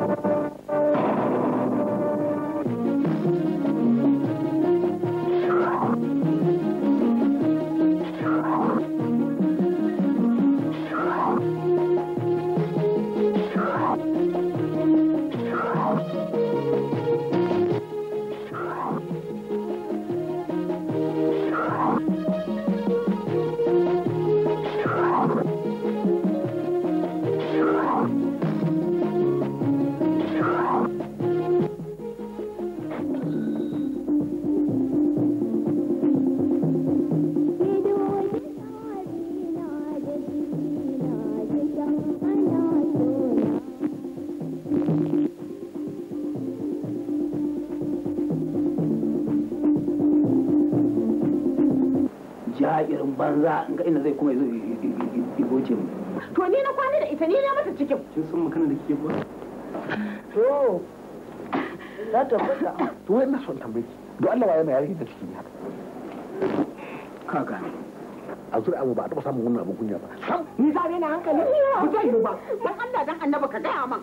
you irin banza in ga ina zai kuma zo goce mu to ni na kwana da ita ni na mata cikin kin san magana da kike kuwa to Da ta fita to wai ina son tambaye ki don Allah waye mai yarinya da cikin ne haka ka gane a zuri abu ba a taɓa samun wannan abin kunya ba sam ni zare na hankali ba zai yi ba dan Allah dan annaba ka gaya man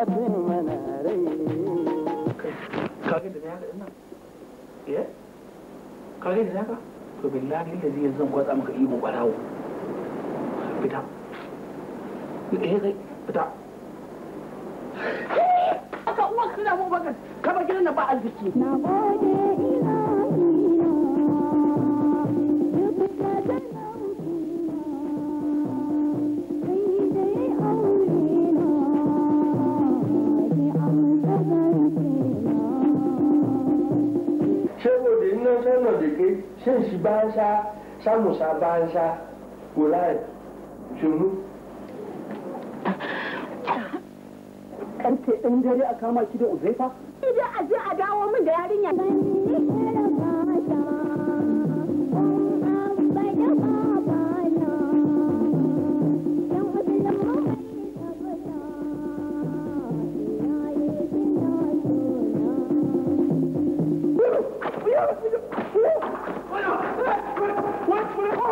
zafin manarai kage da ya to billahi da zai zan kwatsa maka ihu barawo fita eh kai fita aka uwa kana mu baka kaba gidan na ba arziki na gode bayan sa samu sa bayan sa wallahi shinu karfe dare a kama ki da uzaifa idan aje je a dawo min da yarinya